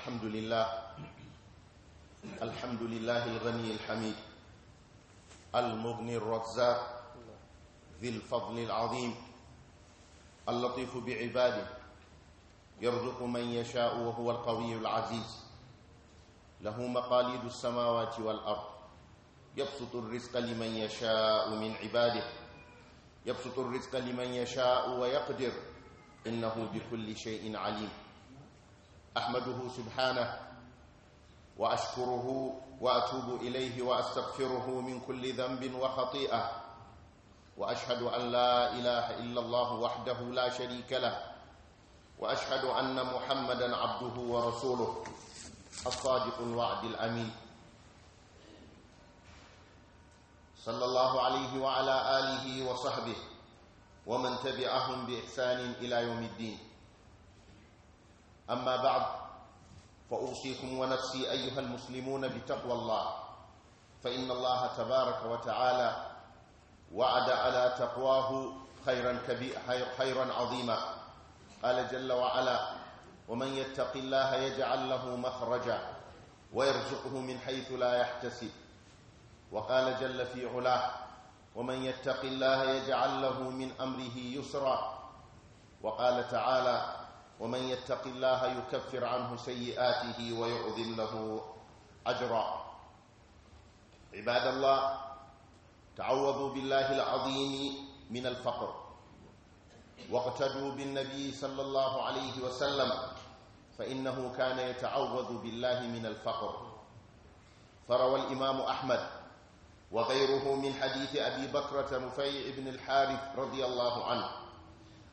الحمد لله الحمد لله الغني الحميد المغني الرزاق ذي الفضل العظيم اللطيف بعباده يرزق من يشاء وهو القوي العزيز له مقاليد السماوات والأرض يبسط الرزق لمن يشاء من عباده يبسط الرزق لمن يشاء ويقدر إنه بكل شيء عليم أحمده سبحانه وأشكره وأتوب إليه وأستغفره من كل ذنب وخطيئة وأشهد أن لا إله إلا الله وحده لا شريك له وأشهد أن محمدا عبده ورسوله الصادق الوعد الأمين صلى الله عليه وعلى آله وصحبه ومن تبعهم بإحسان إلى يوم الدين أما بعد فأوصيكم ونفسي أيها المسلمون بتقوى الله فإن الله تبارك وتعالى وعد على تقواه خيرا, كبير خيرا عظيما قال جل وعلا ومن يتق الله يجعل له مخرجا ويرزقه من حيث لا يحتسب وقال جل في علاه ومن يتق الله يجعل له من أمره يسرا وقال تعالى ومن يتق الله يكفر عنه سيئاته ويعظم له أجرا عباد الله تعوذوا بالله العظيم من الفقر واقتدوا بالنبي صلى الله عليه وسلم فإنه كان يتعوذ بالله من الفقر فروى الإمام أحمد وغيره من حديث أبي بكرة مفيع بن الحارث رضي الله عنه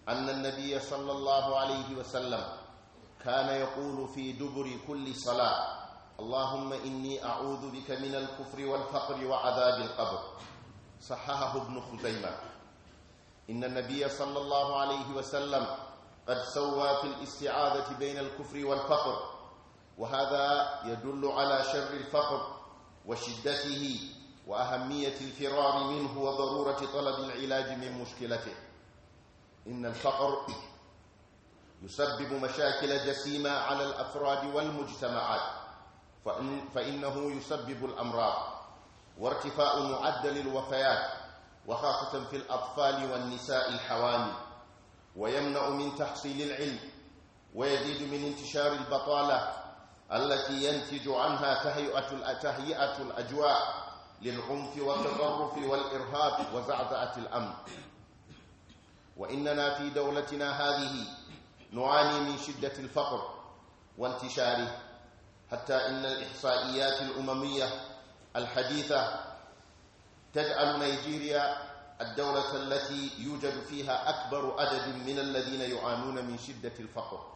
أن النبي صلى الله عليه وسلم كان يقول في دبر كل صلاة اللهم إني أعوذ بك من الكفر والفقر وعذاب القبر صححه ابن خزيمة إن النبي صلى الله عليه وسلم قد سوى في الاستعاذة بين الكفر والفقر وهذا يدل على شر الفقر وشدته وأهمية الفرار منه وضرورة طلب العلاج من مشكلته إن الفقر يسبب مشاكل جسيمة على الأفراد والمجتمعات فإن فإنه يسبب الأمراض وارتفاع معدل الوفيات وخاصة في الأطفال والنساء الحوامل ويمنع من تحصيل العلم ويزيد من انتشار البطالة التي ينتج عنها تهيئة تهيئة الأجواء للعنف والتطرف والإرهاب وزعزعة الأمن وإننا في دولتنا هذه نعاني من شدة الفقر وانتشاره حتى إن الإحصائيات الأممية الحديثة تجعل نيجيريا الدولة التي يوجد فيها أكبر عدد من الذين يعانون من شدة الفقر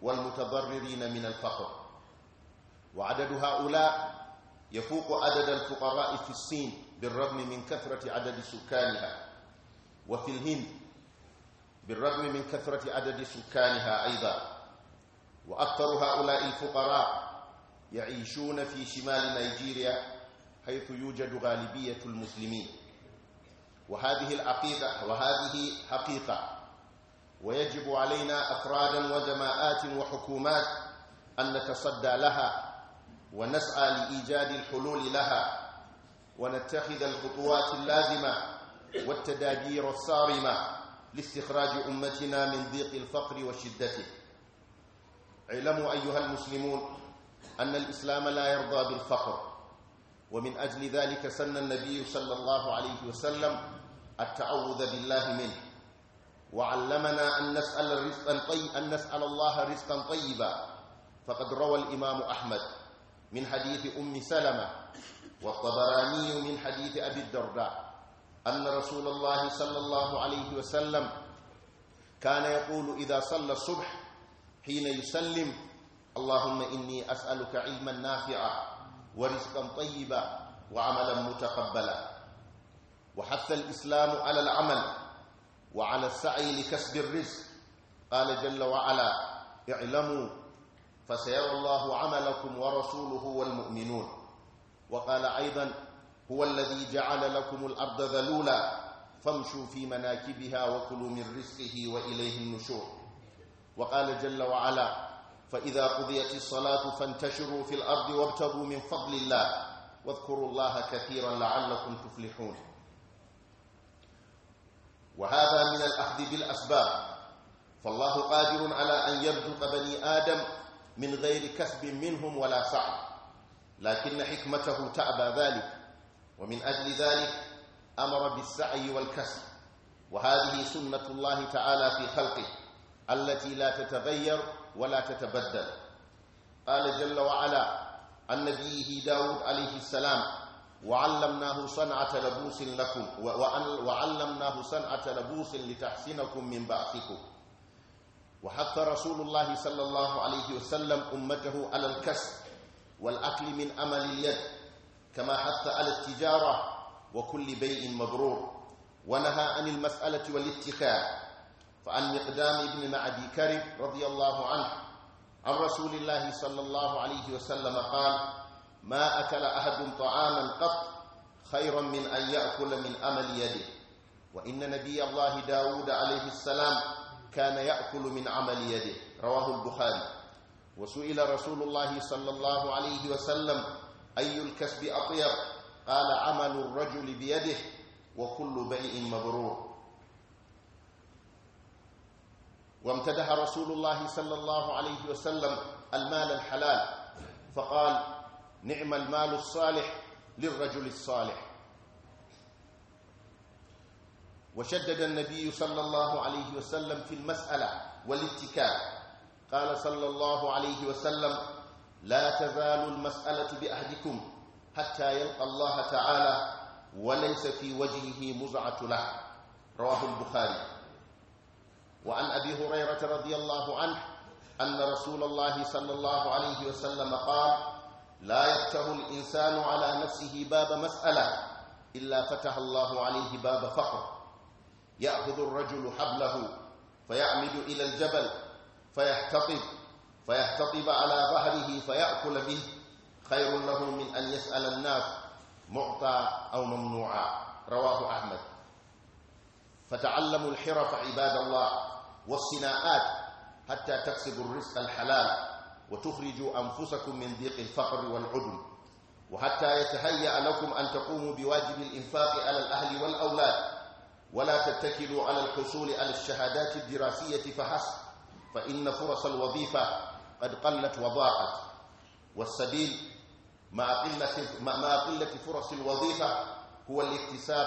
والمتضررين من الفقر وعدد هؤلاء يفوق عدد الفقراء في الصين بالرغم من كثرة عدد سكانها وفي الهند بالرغم من كثرة عدد سكانها أيضا وأكثر هؤلاء الفقراء يعيشون في شمال نيجيريا حيث يوجد غالبية المسلمين وهذه العقيدة وهذه حقيقة ويجب علينا أفرادا وجماعات وحكومات أن نتصدى لها ونسعى لإيجاد الحلول لها ونتخذ الخطوات اللازمة والتدابير الصارمة لاستخراج أمتنا من ضيق الفقر وشدته اعلموا أيها المسلمون أن الإسلام لا يرضى بالفقر ومن أجل ذلك سن النبي صلى الله عليه وسلم التعوذ بالله منه وعلمنا أن نسأل, الرزق أن نسأل الله رزقا طيبا فقد روى الإمام أحمد من حديث أم سلمة والطبراني من حديث أبي الدرداء أن رسول الله صلى الله عليه وسلم كان يقول إذا صلى الصبح حين يسلم اللهم إني أسألك علما نافعا ورزقا طيبا وعملا متقبلا وحث الإسلام على العمل وعلى السعي لكسب الرزق قال جل وعلا اعلموا فسيرى الله عملكم ورسوله والمؤمنون وقال أيضا هو الذي جعل لكم الأرض ذلولا فامشوا في مناكبها وكلوا من رزقه وإليه النشور وقال جل وعلا فإذا قضيت الصلاة فانتشروا في الأرض وابتغوا من فضل الله واذكروا الله كثيرا لعلكم تفلحون وهذا من الأخذ بالأسباب فالله قادر على أن يرزق بني آدم من غير كسب منهم ولا سعر لكن حكمته تأبى ذلك ومن أجل ذلك أمر بالسعي والكسب وهذه سنة الله تعالى في خلقه التي لا تتغير ولا تتبدل قال جل وعلا عن نبيه داود عليه السلام وعلمناه صنعة لبوس لكم وعلمناه صنعة لبوس لتحسنكم من بعثكم وحث رسول الله صلى الله عليه وسلم أمته على الكسب والأكل من أمل اليد كما حث على التجارة وكل بيء مبرور ونهى عن المسألة والاتخاذ فعن مقدام بن معدي كرب رضي الله عنه عن رسول الله صلى الله عليه وسلم قال ما أكل أحد طعاما قط خيرا من أن يأكل من أمل يده وإن نبي الله داود عليه السلام كان يأكل من عمل يده رواه البخاري وسئل رسول الله صلى الله عليه وسلم أي الكسب أطيب قال عمل الرجل بيده وكل بيء مبرور وامتدح رسول الله صلى الله عليه وسلم المال الحلال فقال نعم المال الصالح للرجل الصالح وشدد النبي صلى الله عليه وسلم في المسألة والاتكال قال صلى الله عليه وسلم لا تزال المسألة بأهدكم حتى يلقى الله تعالى وليس في وجهه مزعة له رواه البخاري وعن أبي هريرة رضي الله عنه أن رسول الله صلى الله عليه وسلم قال لا يفتح الإنسان على نفسه باب مسألة إلا فتح الله عليه باب فقر يأخذ الرجل حبله فيعمد إلى الجبل فيحتطب فيحتطب على ظهره فيأكل به خير له من أن يسأل الناس معطى أو ممنوعا رواه أحمد فتعلموا الحرف عباد الله والصناعات حتى تكسبوا الرزق الحلال وتخرجوا أنفسكم من ضيق الفقر والعدم وحتى يتهيأ لكم أن تقوموا بواجب الإنفاق على الأهل والأولاد ولا تتكلوا على الحصول على الشهادات الدراسية فحسب فإن فرص الوظيفة قد قلت وضاعت والسبيل مع قلة مع قلة فرص الوظيفة هو الاكتساب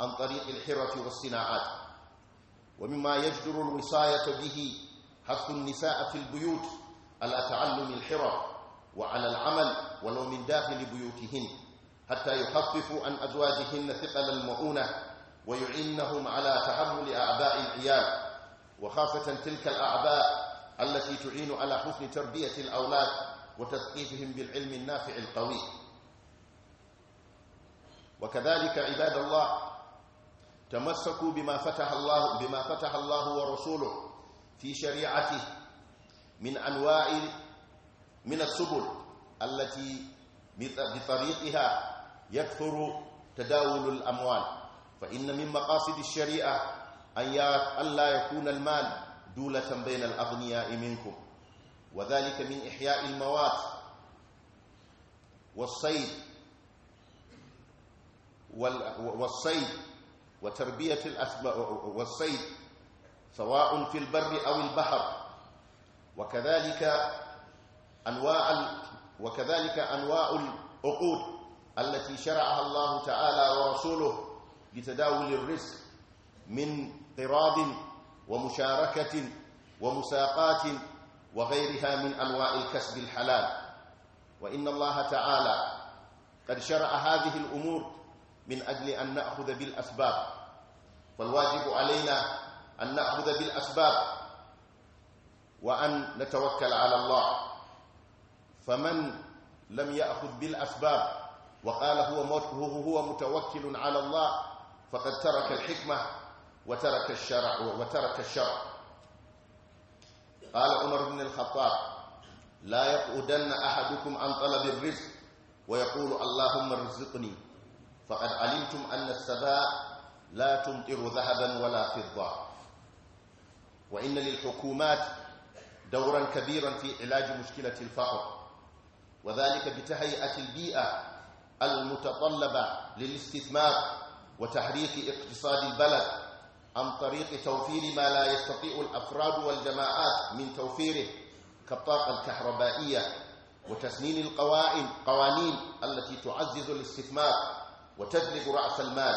عن طريق الحرف والصناعات ومما يجدر الوصاية به حث النساء في البيوت على تعلم الحرف وعلى العمل ولو من داخل بيوتهن حتى يخففوا عن أزواجهن ثقل المؤونة ويعينهم على تحمل أعباء العيال وخاصة تلك الأعباء التي تعين على حسن تربية الأولاد وتثقيفهم بالعلم النافع القوي وكذلك عباد الله تمسكوا بما فتح الله بما فتح الله ورسوله في شريعته من انواع من السبل التي بطريقها يكثر تداول الاموال فان من مقاصد الشريعه ان لا يكون المال دولة بين الأغنياء منكم وذلك من إحياء الموات والصيد والصيد وتربية والصيد سواء في البر أو البحر وكذلك أنواع وكذلك أنواع العقود التي شرعها الله تعالى ورسوله لتداول الرزق من قراض ومشاركة ومساقات وغيرها من أنواع الكسب الحلال وإن الله تعالى قد شرع هذه الأمور من أجل أن نأخذ بالأسباب فالواجب علينا أن نأخذ بالأسباب وأن نتوكل على الله فمن لم يأخذ بالأسباب وقال هو هو متوكل على الله فقد ترك الحكمة وترك الشرع وترك الشرع قال عمر بن الخطاب لا يقعدن احدكم عن طلب الرزق ويقول اللهم ارزقني فقد علمتم ان السباء لا تمطر ذهبا ولا فضه وان للحكومات دورا كبيرا في علاج مشكله الفقر وذلك بتهيئه البيئه المتطلبه للاستثمار وتحريك اقتصاد البلد عن طريق توفير ما لا يستطيع الأفراد والجماعات من توفيره كالطاقة الكهربائية وتسنين القوائم قوانين التي تعزز الاستثمار وتجلب رأس المال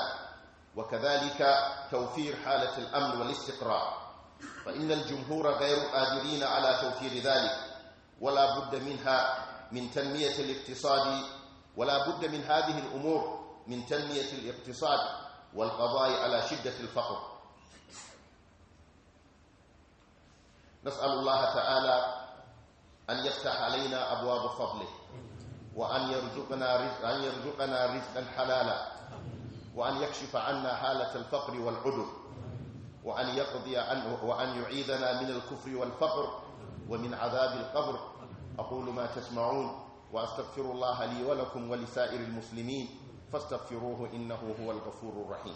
وكذلك توفير حالة الأمن والاستقرار فإن الجمهور غير قادرين على توفير ذلك ولا بد منها من تنمية الاقتصاد ولا بد من هذه الأمور من تنمية الاقتصاد والقضاء على شدة الفقر نسأل الله تعالى أن يفتح علينا أبواب فضله وأن يرزقنا رزق أن يرزقنا رزقا حلالا وأن يكشف عنا حالة الفقر والعدو وأن يقضي عنه وأن يعيذنا من الكفر والفقر ومن عذاب القبر أقول ما تسمعون وأستغفر الله لي ولكم ولسائر المسلمين فاستغفروه إنه هو الغفور الرحيم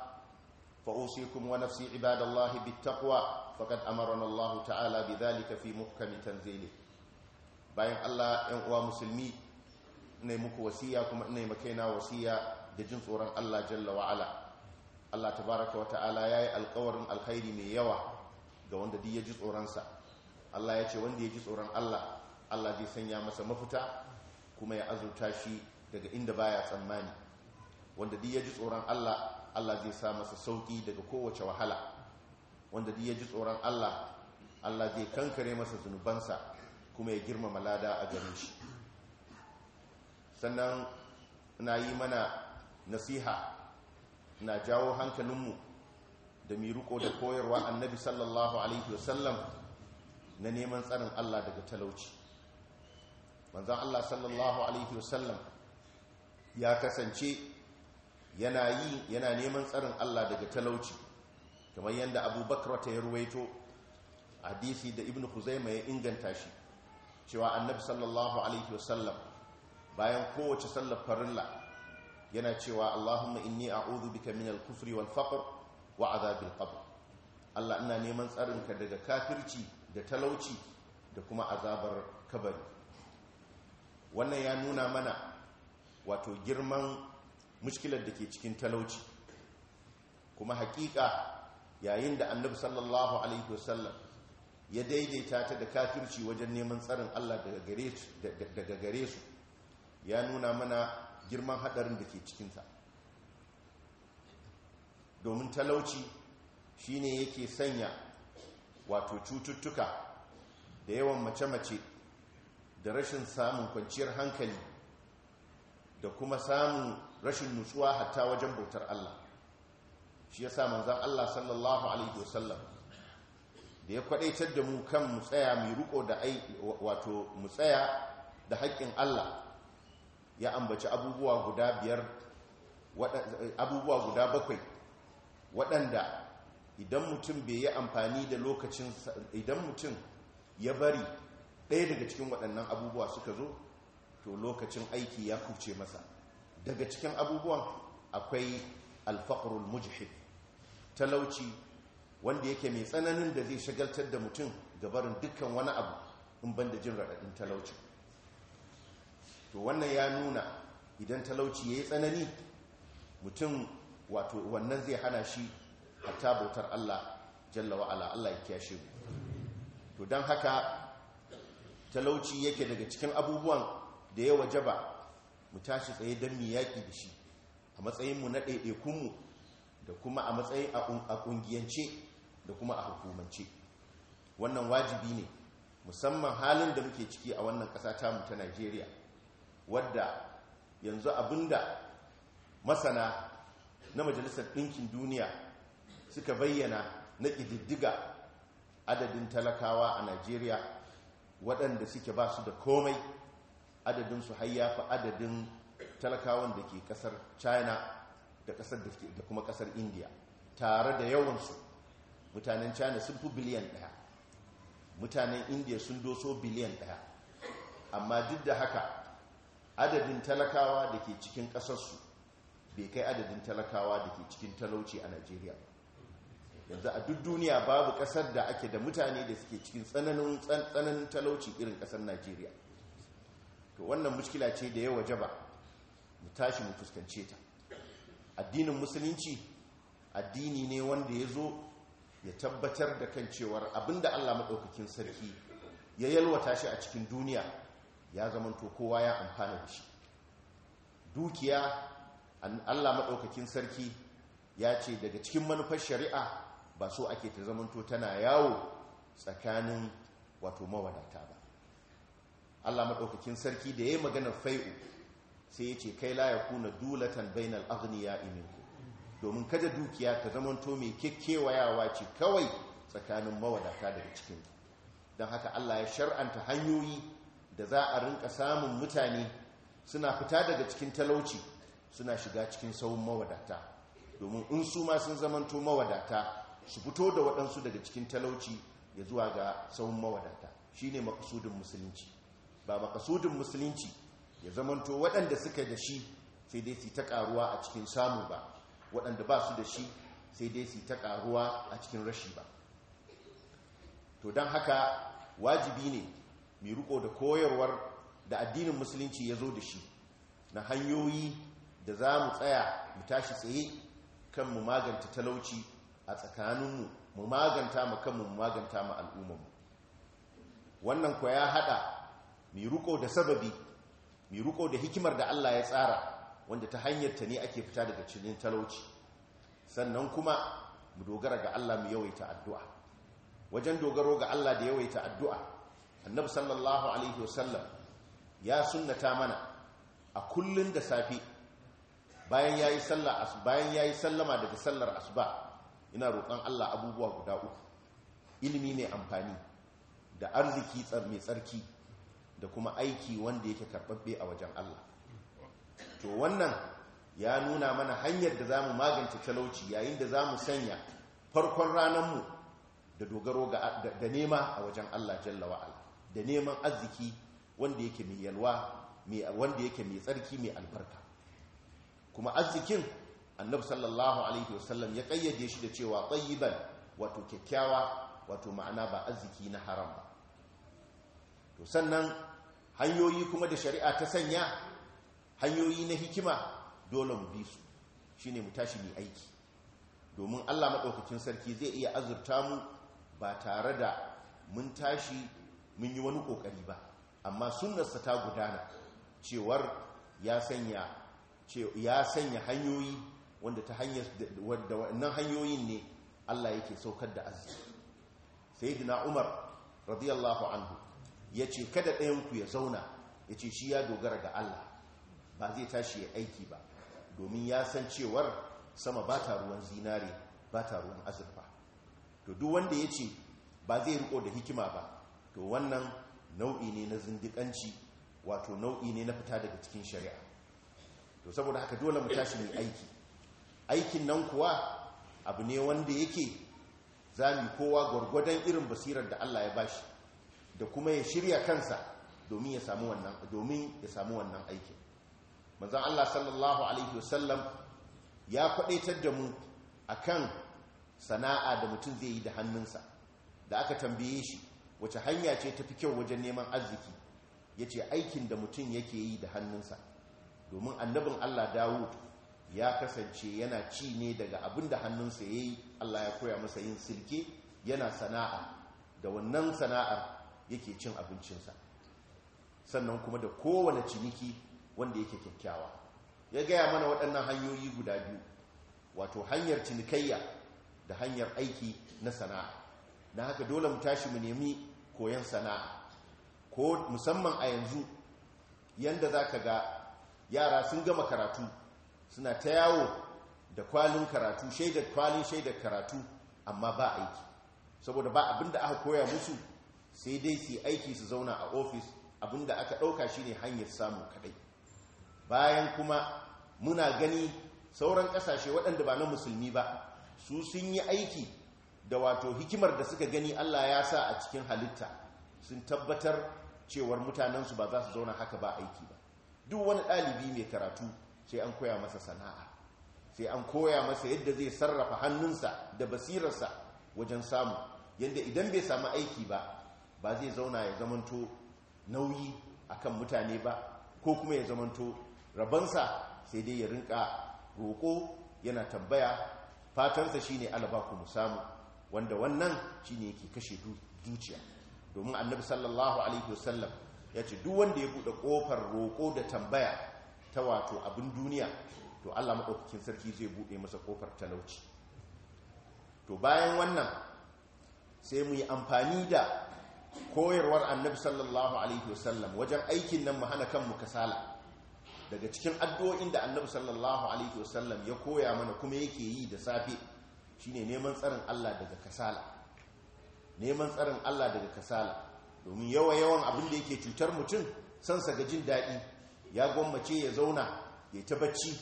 فأوصيكم ونفسي عباد الله بالتقوى فقد أمرنا الله تعالى بذلك في محكم تنزيله bayan Allah ‘yan uwa musulmi ne muku wasiya kuma ne makaina wasiya da jin tsoron Allah jalla wa'ala Allah tabaraka wa ta'ala ya yi alkawarin alkhairi mai yawa ga wanda duk ya ji tsoronsa Allah ya ce wanda ya ji tsoron Allah Allah zai sanya masa mafita kuma ya azurta shi daga inda baya tsammani wanda duk ya ji tsoron Allah Allah zai sa masa sauki daga kowace wahala wanda zai ya ji tsoron Allah Allah zai kankare masa zunubansa kuma ya girmama lada a garin shi sannan na yi mana nasiha na jawo hankalinmu da mi riko da koyarwa annabi sallallahu alaihi wasallam na neman tsarin Allah daga talauci manzan Allah sallallahu alaihi wasallam ya kasance yana yi yana neman tsarin Allah daga talauci kamar yadda abubakar ta yarwaito hadisi da ibn huzaima ya inganta shi cewa annabi sallallahu alaihi wasallam bayan kowace sallar farilla yana cewa Allahumma inni a'udhu bika min al-kufri wal faqr wa adhab qabr Allah ina neman ka daga kafirci da talauci da kuma azabar kabari wannan ya nuna mana wato girman mushkilar da ke cikin talauci kuma hakika yayin da annabi sallallahu alaihi wasallam ya daidaita ta da kafirci wajen neman tsarin Allah daga gare su ya nuna mana girman hadarin da ke cikinsa domin talauci shi shine yake sanya wato cututtuka da yawan mace-mace da rashin samun kwanciyar hankali da kuma samun rashin nutsuwa hatta wajen bautar Allah shi ya sa manzan Allah sallallahu alaihi wasallam da ya kwadaitar da mu kan mu tsaya ruko riko da ai wato mu tsaya da haƙƙin Allah ya ambaci abubuwa guda biyar abubuwa guda bakwai waɗanda idan mutum bai yi amfani da lokacin idan mutum ya bari ɗaya daga cikin waɗannan abubuwa suka zo to lokacin aiki ya kuce masa daga cikin abubuwan akwai alfakarul mujhid talauci wanda yake mai tsananin da zai shagaltar da mutum ga gabarin dukkan wani abu in banda jin raɗaɗin talauci to wannan ya nuna idan talauci ya yi tsanani mutum wato wannan zai hana shi hatta bautar Allah jalla wa'ala Allah ya kyashe mu to don haka talauci yake daga cikin abubuwan da ya wajaba mu tashi tsaye don mu yaƙi da shi a matsayinmu na ɗaiɗaikunmu da kuma a matsayin a ƙungiyance da kuma a hukumance wannan wajibi ne musamman halin da muke ciki a wannan ƙasa tamu ta nigeria wadda yanzu abinda masana na majalisar ɗinkin duniya suka bayyana na ƙididdiga adadin talakawa a nigeria waɗanda suke ba su da komai adadin su har fa adadin talakawan da ke kasar china da da kuma kasar india tare da yawansu mutanen china sun fi biliyan daya mutanen india sun doso biliyan daya amma duk da haka adadin talakawa da ke cikin kasarsu bai kai adadin talakawa da ke cikin talauci a nigeria yanzu a duk duniya babu kasar da ake da mutane da suke cikin tsananin talauci irin kasar nigeria to wannan mushkila ce da ya waje ba mu tashi mu fuskance ta addinin musulunci addini ne wanda ya zo ya tabbatar da kan cewar abinda Allah maɗaukakin sarki ya yalwata shi a cikin duniya ya zamanto kowa ya amfana da shi dukiya Allah maɗaukakin sarki ya ce daga cikin manufar shari'a ba so ake ta zamanto tana yawo tsakanin wato mawadata ba Allah maɗaukakin sarki da ya yi maganar fai'u sai ya ce kai la kuna dulatan bainal ya iminku, domin kada dukiya ta zamanto mai kekewayawa ce kawai tsakanin mawadata daga cikin don haka Allah ya shar'anta hanyoyi da za a rinka samun mutane suna fita daga cikin talauci suna shiga cikin sauran mawadata domin in su ma sun zamanto mawadata su fito da waɗansu daga cikin talauci ya zuwa ga sauran mawadata shine makasudin musulunci ba makasudin musulunci ya zamanto waɗanda suka da shi sai dai su ta ƙaruwa a cikin samu ba waɗanda ba su da shi sai dai su ta ƙaruwa a cikin rashi ba to don haka wajibi ne mai riko da koyarwar da addinin musulunci ya zo da shi na hanyoyi da za mu tsaya mu tashi tsaye kan mu maganta talauci a tsakaninmu mu maganta mu kanmu mu maganta mu al'ummarmu wannan kwa ya haɗa mai ruko da sababi mai ruko da hikimar da Allah ya tsara wanda ta hanyar ta ne ake fita daga cinin talauci sannan kuma mu dogara ga Allah mu yawaita addu'a wajen dogaro ga Allah da yawaita addu'a annabi sallallahu alaihi wasallam ya sunnata mana a kullun da safi bayan yayi sallah sallama daga sallar asuba ina roƙon Allah abubuwa guda uku ilimi mai amfani da arziki mai tsarki da kuma aiki wanda yake karbabbe a wajen Allah to wannan ya nuna mana hanyar da zamu magance talauci yayin da za mu sanya farkon ranar mu da dogaro ga da nema a wajen Allah jalla wa da neman arziki wanda yake mai yalwa wanda yake mai tsarki mai albarka kuma arzikin annabi sallallahu alaihi wasallam ya kayyade shi da cewa tayyiban wato kyakkyawa wato ma'ana ba arziki na haram ba to sannan hanyoyi kuma da shari'a ta sanya hanyoyi na hikima dole mu bi su shine mu tashi mu aiki domin Allah maɗaukacin sarki zai iya azurta mu ba tare da mun tashi mun yi wani ƙoƙari ba amma sunnarsa ta gudana cewar ya sanya ya sanya hanyoyi wanda ta hanyar wadda wannan hanyoyin ne Allah yake saukar da arziki sayyidina Umar radiyallahu anhu ya ce kada ɗayanku ya zauna ya ce shi ya dogara ga Allah ba zai tashi ya aiki ba domin ya san cewar sama ba ta ruwan zinare ba ta ruwan azurfa to duk wanda ya ce ba zai riko da hikima ba to wannan nau'i ne na zindikanci wato nau'i ne na fita daga cikin shari'a to saboda haka dole mu tashi mai aiki aikin nan kuwa abu ne wanda yake zami kowa gwargwadon irin basirar da Allah ya bashi da kuma ya shirya kansa domin ya samu wannan domin ya samu wannan aikin manzon Allah sallallahu alaihi wasallam ya kwadaitar da mu akan sana'a da mutum zai yi da hannunsa da aka tambaye shi wace hanya ce tafi kyau wajen neman arziki yace aikin da mutum yake yi da hannunsa domin annabin Allah Dawud ya kasance yana ci ne daga abin da hannunsa yayi Allah ya koya masa yin silke yana sana'a da wannan sana'ar yake cin abincinsa sannan kuma da kowane ciniki wanda yake kyakkyawa ya gaya mana waɗannan hanyoyi guda biyu wato hanyar cinikayya da hanyar aiki na sana'a na haka dole mu tashi mu nemi koyon sana'a ko musamman a yanzu yanda za ka ga yara sun gama karatu suna ta yawo da kwalin karatu shaidar kwalin shaidar karatu amma ba aiki saboda ba abinda aka koya musu sai dai su aiki su zauna a ofis abinda aka ɗauka shi ne hanyar samu kaɗai bayan kuma muna gani sauran ƙasashe waɗanda ba na musulmi ba su sun yi aiki da wato hikimar da suka gani allah ya sa a cikin halitta sun tabbatar cewar mutanensu ba za su zauna haka ba aiki ba duk wani ɗalibi mai karatu sai an koya masa sana'a sai an koya masa yadda zai sarrafa hannunsa da basirarsa wajen samu yadda idan bai samu aiki ba ba zai zauna ya zamanto nauyi akan mutane ba ko kuma ya zamanto rabansa sai dai ya rinka roƙo yana tambaya fatansa shine alaba ku samu wanda wannan shine yake kashe zuciya. domin annabi sallallahu alaihi wasallam ya ce duk wanda ya buɗe ƙofar roƙo da tambaya ta wato abin duniya to Allah maɗaukakin sarki zai buɗe masa ƙofar talauci to bayan wannan sai mu yi amfani da koyarwar annabi sallallahu alaihi wasallam wajen aikin nan mu hana kanmu kasala daga cikin addu'o'in da annabi sallallahu alaihi wasallam ya koya mana kuma yake yi da safe shine neman tsarin Allah daga kasala neman tsarin Allah daga kasala domin yawa yawan abin da yake cutar mutum sa ga jin daɗi ya gwammace ya zauna ya ta bacci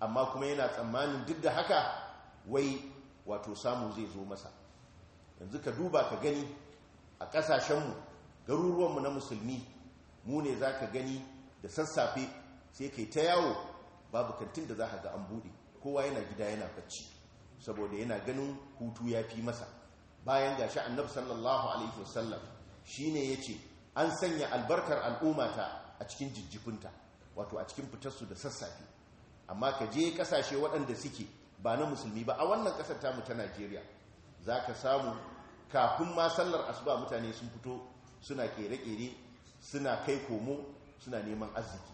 amma kuma yana tsammanin duk da haka wai wato samu zai zo masa yanzu ka duba ka gani a ƙasashenmu garuruwanmu na musulmi mu ne za ka gani da sassafe sai kai ta yawo babu kantin da za ka ga an buɗe kowa yana gida yana bacci saboda yana ganin hutu ya fi masa bayan gashi annabi sallallahu alaihi wasallam shine yace an sanya albarkar al'ummata a cikin jijjifinta wato a cikin fitarsu da sassafe amma ka je kasashe waɗanda suke ba na musulmi ba a wannan ƙasar tamu ta Najeriya za ka samu kafin ma sallar asuba mutane sun fito suna kere-kere suna kai komo suna neman arziki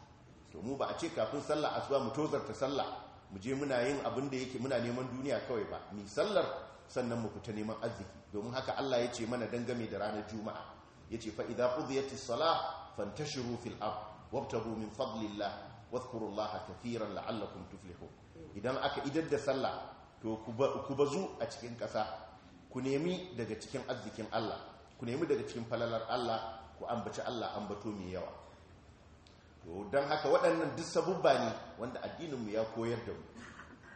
to mu ba a ce kafin sallar asuba mu tozarta sallah mu je muna yin abin da yake muna neman duniya kawai ba mi sallar sannan mu fita neman arziki domin haka Allah ya ce mana dangane da ranar juma'a ya yace fa idza qudiyatis sala fantashiru fil ard wabtagu min fadlillah wadhkurullaha katiran la'allakum tuflihu idan aka idar da sallah to ku bazu a cikin kasa ku nemi daga cikin arzikin Allah ku nemi daga cikin falalar Allah ku ambaci Allah ambato mai yawa to don haka waɗannan duk sabubba ne wanda addininmu ya koyar da mu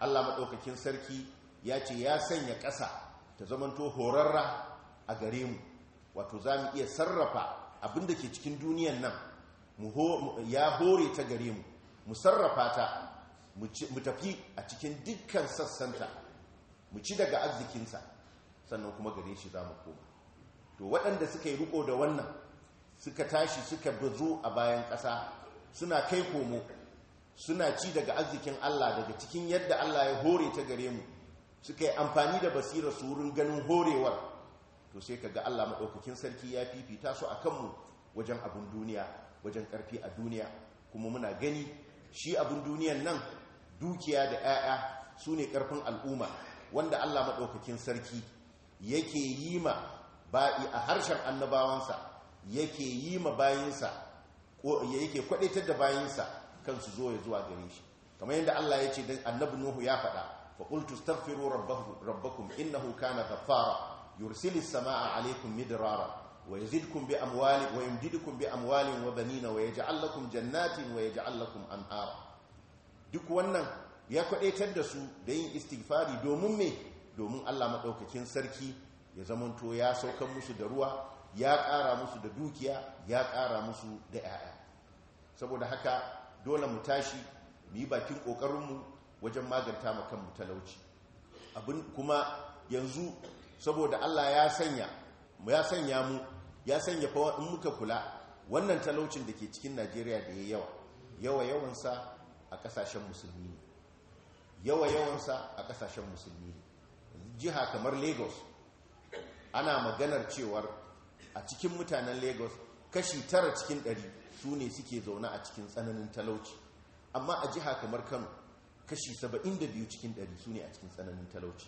Allah maɗaukakin sarki ya ce ya sanya ƙasa ta zamanto horarra a gare mu wato za mu iya sarrafa abin da ke cikin duniyan nan ya hore ta gare mu mu sarrafa ta mu tafi a cikin dukkan sassanta mu ci daga arzikinsa sannan kuma gare shi za mu koma to waɗanda suka yi riko da wannan suka tashi suka bazo a bayan ƙasa suna kai komo suna ci daga arzikin Allah daga cikin yadda Allah ya hore ta gare mu suka yi amfani da basirar su wurin ganin horewar to sai ga Allah maɗaukakin sarki ya fifita su a kanmu wajen abin duniya wajen ƙarfi a duniya kuma muna gani shi abin duniyan nan dukiya da 'ya'ya su ne ƙarfin al'umma wanda Allah maɗaukakin sarki yake yi ma ba'i a harshen annabawansa yake yi ma bayinsa ko yake kwadaitar da bayinsa kansu zo ya zuwa gare shi kamar yadda Allah ya ce dan annabi Nuhu ya faɗa fa qultu astaghfiru rabbakum innahu kana ghaffara as samaa alaykum midrara wa yazidukum bi amwalin wa yumdidukum bi amwalin wa banina wa yaj'al lakum jannatin wa yaj'al lakum anhara duk wannan ya kwadaitar da su da yin istighfari domin me domin Allah maɗaukakin sarki ya zamanto ya saukan musu da ruwa ya ƙara musu da dukiya ya ƙara musu da 'ya'ya saboda haka dole mu tashi mu yi bakin ƙoƙarinmu wajen maganta ma kanmu talauci abin kuma yanzu saboda Allah ya sanya mu ya sanya mu ya sanya fa in muka kula wannan talaucin da ke cikin Najeriya da ya yawa yawa yawansa a kasashen musulmi yawa a ƙasashen musulmi jiha kamar lagos ana maganar cewar a cikin mutanen lagos kashi tara cikin ɗari su ne suke zaune a cikin tsananin talauci amma a jiha kamar kano kashi saba'in da biyu cikin ɗari su ne a cikin tsananin talauci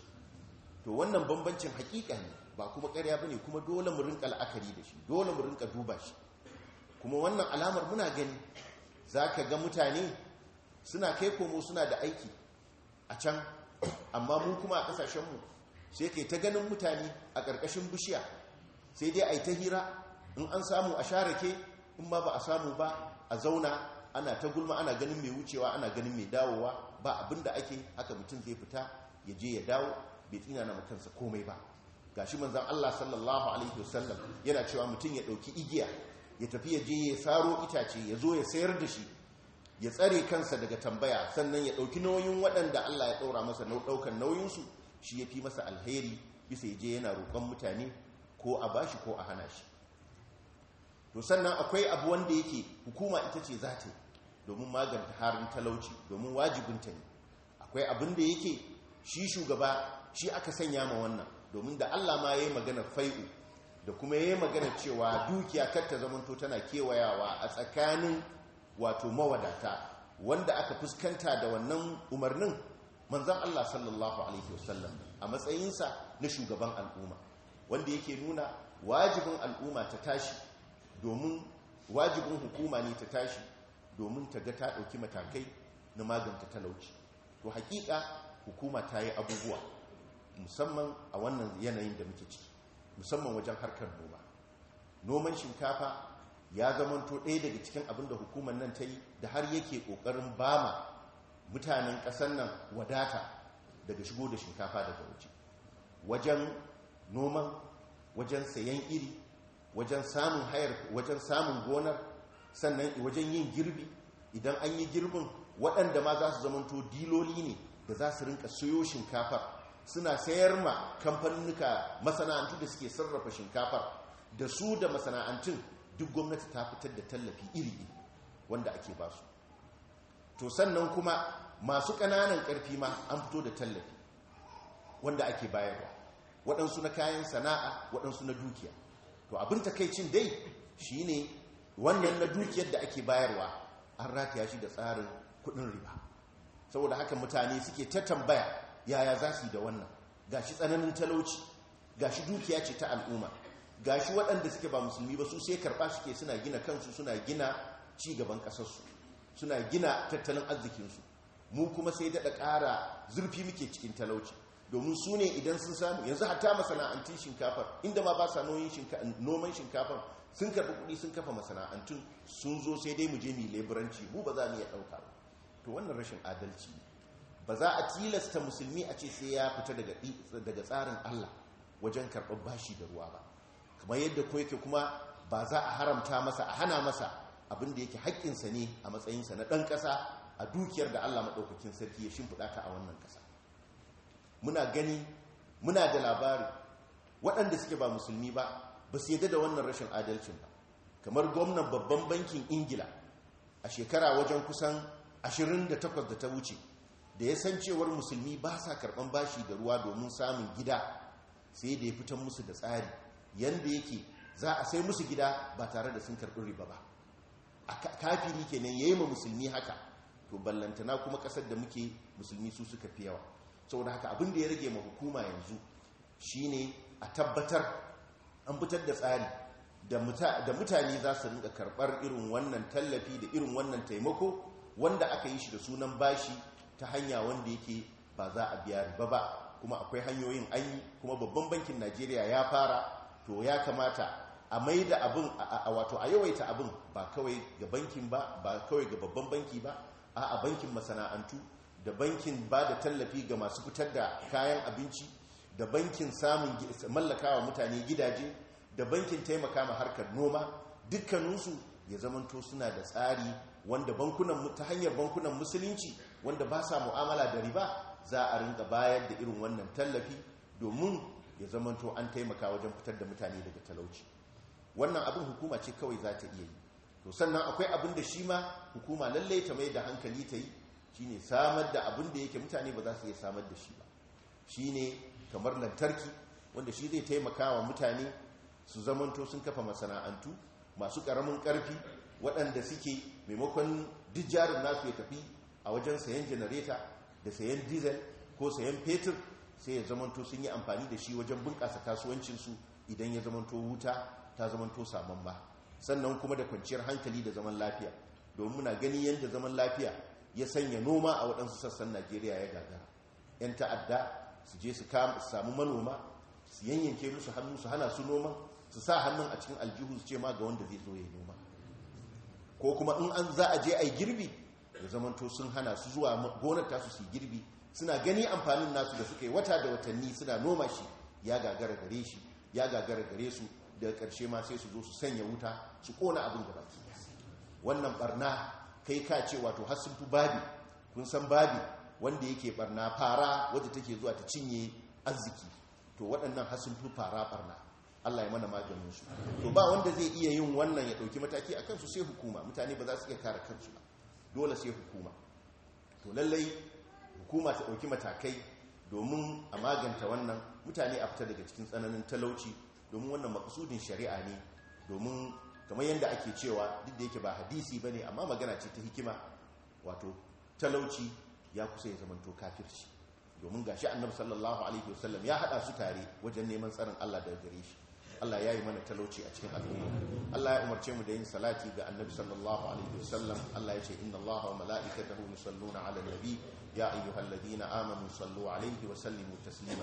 to wannan bambancin hakika ne ba kuma karya ba ne kuma dole mu rinka la'akari da shi dole mu rinka duba shi kuma wannan alamar muna gani za ka ga mutane suna kai komo suna da aiki a can amma mu kuma a kasashenmu sai kai ta ganin mutane a ƙarƙashin bishiya sai dai a yi ta hira in an samu a share ke in ba ba a samu ba a zauna ana ta gulma ana ganin mai wucewa ana ganin mai dawowa ba abin da ake haka mutum zai fita ya je ya dawo bai tsina na kansa komai ba Ga shi manzan Allah sallallahu alaihi wasallam yana cewa mutum ya ɗauki igiya ya tafi ya je ya saro itace ya zo ya sayar da shi ya tsare kansa daga tambaya sannan ya ɗauki nauyin waɗanda Allah ya ɗaura masa ɗaukan nauyinsu. shi ya fi masa alheri bisa ya je yana roƙon mutane ko a bashi ko a hana shi to sannan akwai abu wanda yake hukuma ita ce za ta yi domin maganta harin talauci domin wajibinta ne akwai abin da yake shi shugaba shi aka sanya ma wannan domin da allah ma ya yi magana fai'u da kuma ya yi magana cewa dukiya karta zamanto tana kewayawa a tsakanin wato mawadata wanda aka fuskanta da wannan umarnin manzan Allah sallallahu alaihi wasallam a matsayinsa na shugaban al'umma wanda yake nuna wajibin al'umma ta tashi domin wajibin hukuma ne ta tashi domin ta ga ta ɗauki matakai na maganta talauci to hakika hukuma ta yi abubuwa musamman a wannan yanayin da muke ciki musamman wajen harkar noma noman shinkafa ya zamanto ɗaya daga cikin abin da hukumar nan ta yi da har yake ƙoƙarin bama mutanen ƙasar nan wadata daga shigo da shinkafa daga waje wajen noman wajen sayan iri wajen samun hayar wajen samun gonar sannan wajen yin girbi idan an yi girbin waɗanda ma za su zamanto diloli ne da za su rinka soyo shinkafar suna sayar ma kamfanuka masana'antu da suke sarrafa shinkafar da su da masana'antun duk gwamnati ta fitar da tallafi iri wanda ake basu to sannan kuma masu ƙananan ƙarfi ma an fito da tallafi wanda ake bayarwa waɗansu na kayan sana'a waɗansu na dukiya to abin takaicin dai shi ne wannan na dukiyar da ake bayarwa an rataya shi da tsarin kuɗin riba saboda haka mutane suke ta tambaya yaya za su yi da wannan ga shi tsananin talauci ga shi dukiya ce ta al'umma ga shi waɗanda suke ba musulmi ba su sai karɓa suke suna gina kansu suna gina ci gaban ƙasarsu suna gina tattalin arzikinsu mu kuma sai daɗa ƙara zurfi muke cikin talauci domin su ne idan sun samu yanzu hatta masana'antun shinkafar inda ma ba sa noman shinkafar sun karɓi kuɗi sun kafa masana'antun sun zo sai dai mu je mu leburanci mu ba za mu iya ɗauka ba to wannan rashin adalci ba za a tilasta musulmi a ce sai ya fita daga tsarin Allah wajen karɓar bashi da ruwa ba kamar yadda ko kuma ba za a haramta masa a hana masa abinda da yake haƙƙinsa ne a matsayinsa na ɗan ƙasa a dukiyar da Allah maɗaukakin sarki ya shimfiɗa ta a wannan ƙasa muna gani muna da labari waɗanda suke ba musulmi ba ba su yadda da wannan rashin adalcin ba kamar gwamnan babban bankin ingila a shekara wajen kusan 28 da ta wuce da ya san cewar musulmi ba sa karɓan bashi da ruwa domin samun gida sai da ya fitan musu da tsari yadda yake za a sai musu gida ba tare da sun karɓi riba ba kafiri kenan yayi ma musulmi haka to ballantana kuma kasar da muke musulmi su suka fi yawa saboda haka abin da ya rage ma hukuma yanzu shine a tabbatar an fitar da tsari da mutane za su rinka karbar irin wannan tallafi da irin wannan taimako wanda aka yi shi da sunan bashi ta hanya wanda yake ba za a biya riba ba kuma akwai hanyoyin an yi kuma babban bankin najeriya ya fara to ya kamata a mai da abin a wato a yawaita abin ba kawai ga bankin ba ba kawai ga babban banki ba a a bankin masana'antu da bankin ba da tallafi ga masu fitar da kayan abinci da bankin samun mallakawa mutane gidaje da bankin taimaka ma harkar noma dukkaninsu ya zamanto suna da tsari wanda bankunan ta hanyar bankunan musulunci wanda ba sa mu'amala da riba za a rinka bayar da irin wannan tallafi domin ya zamanto an taimaka wajen fitar da mutane daga talauci wannan abin hukuma ce kawai za ta iya yi to sannan akwai abin da shi ma hukuma lallai ta mai da hankali ta yi shine samar da abin da yake mutane ba za su iya samar da shi ba shine kamar lantarki wanda shi zai taimaka wa mutane su zamanto sun kafa masana'antu masu ƙaramin ƙarfi waɗanda suke maimakon dijarin nasu ya tafi a wajen sayan janareta da sayan diesel ko sayan fetur sai ya zamanto sun yi amfani da shi wajen bunƙasa kasuwancinsu idan ya zamanto wuta ta zama to saman ba sannan kuma da kwanciyar hankali da zaman lafiya domin muna gani yadda zaman lafiya ya sanya noma a waɗansu sassan najeriya ya gagara 'yan ta'adda su je su samu manoma su yanyanke musu hannu su hana su noma su sa hannun a cikin aljihu su ce ma ga wanda zai zo ya noma ko kuma in an za a je a yi girbi da zamanto sun hana su zuwa gonar tasu su yi girbi suna gani amfanin nasu da suka yi wata da watanni suna noma shi ya gagara gare shi ya gagara gare su daga ƙarshe ma sai su zo su sanya wuta su kona abin da baki wannan barna kai ka ce wato har sun fi babi kun san babi wanda yake barna fara wadda take zuwa ta cinye arziki to waɗannan har fi fara barna Allah ya mana maganin su to ba wanda zai iya yin wannan ya ɗauki mataki a kansu sai hukuma mutane ba za su iya kare kansu ba dole sai hukuma to lallai hukuma ta ɗauki matakai domin a maganta wannan mutane a fita daga cikin tsananin talauci domin wannan makasudin shari'a ne domin kamar yadda ake cewa duk da yake ba hadisi ba ne amma magana ce ta hikima wato talauci ya kusa ya zamanto kafirci domin gashi annabi sallallahu alaihi wasallam ya hada su tare wajen neman tsarin Allah daga gare shi Allah ya yi mana talauci a cikin al'umma Allah ya umarce mu da yin salati ga annabi sallallahu alaihi wasallam Allah ya ce inna Allaha wa mala'ikatahu yusalluna ala nabi ya ayyuhalladhina amanu sallu alaihi wa sallimu taslima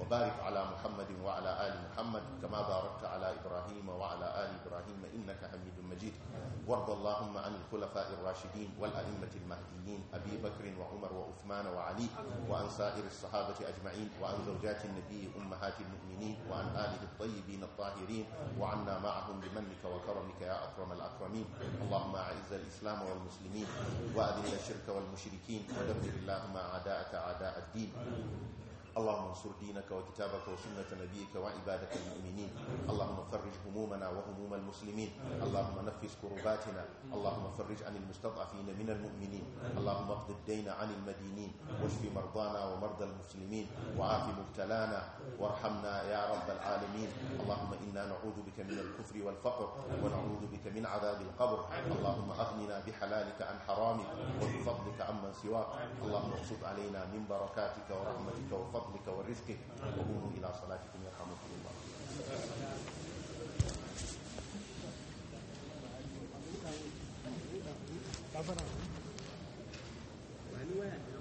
وبارك على محمد وعلى آل محمد كما باركت على إبراهيم وعلى آل إبراهيم إنك حميد مجيد وارض اللهم عن الخلفاء الراشدين والأئمة المهديين أبي بكر وعمر وعثمان وعلي وعن سائر الصحابة أجمعين وعن زوجات النبي أمهات المؤمنين وعن آله الطيبين الطاهرين وعنا معهم بمنك وكرمك يا أكرم الأكرمين اللهم أعز الإسلام والمسلمين وأذل الشرك والمشركين ودمر اللهم أعداءك أعداء الدين اللهم انصر دينك وكتابك وسنة نبيك وعبادك المؤمنين اللهم فرج همومنا وهموم المسلمين اللهم نفس كرباتنا اللهم فرج عن المستضعفين من المؤمنين اللهم اقض الدين عن المدينين واشف مرضانا ومرضى المسلمين وعاف مبتلانا وارحمنا يا رب العالمين اللهم إنا نعوذ بك من الكفر والفقر ونعوذ بك من عذاب القبر اللهم أغننا بحلالك عن حرامك وبفضلك عمن سواك اللهم اقصد علينا من بركاتك ورحمتك وفضلك فضلك ورزقك وقوموا إلى صلاتكم يرحمكم الله Thank you.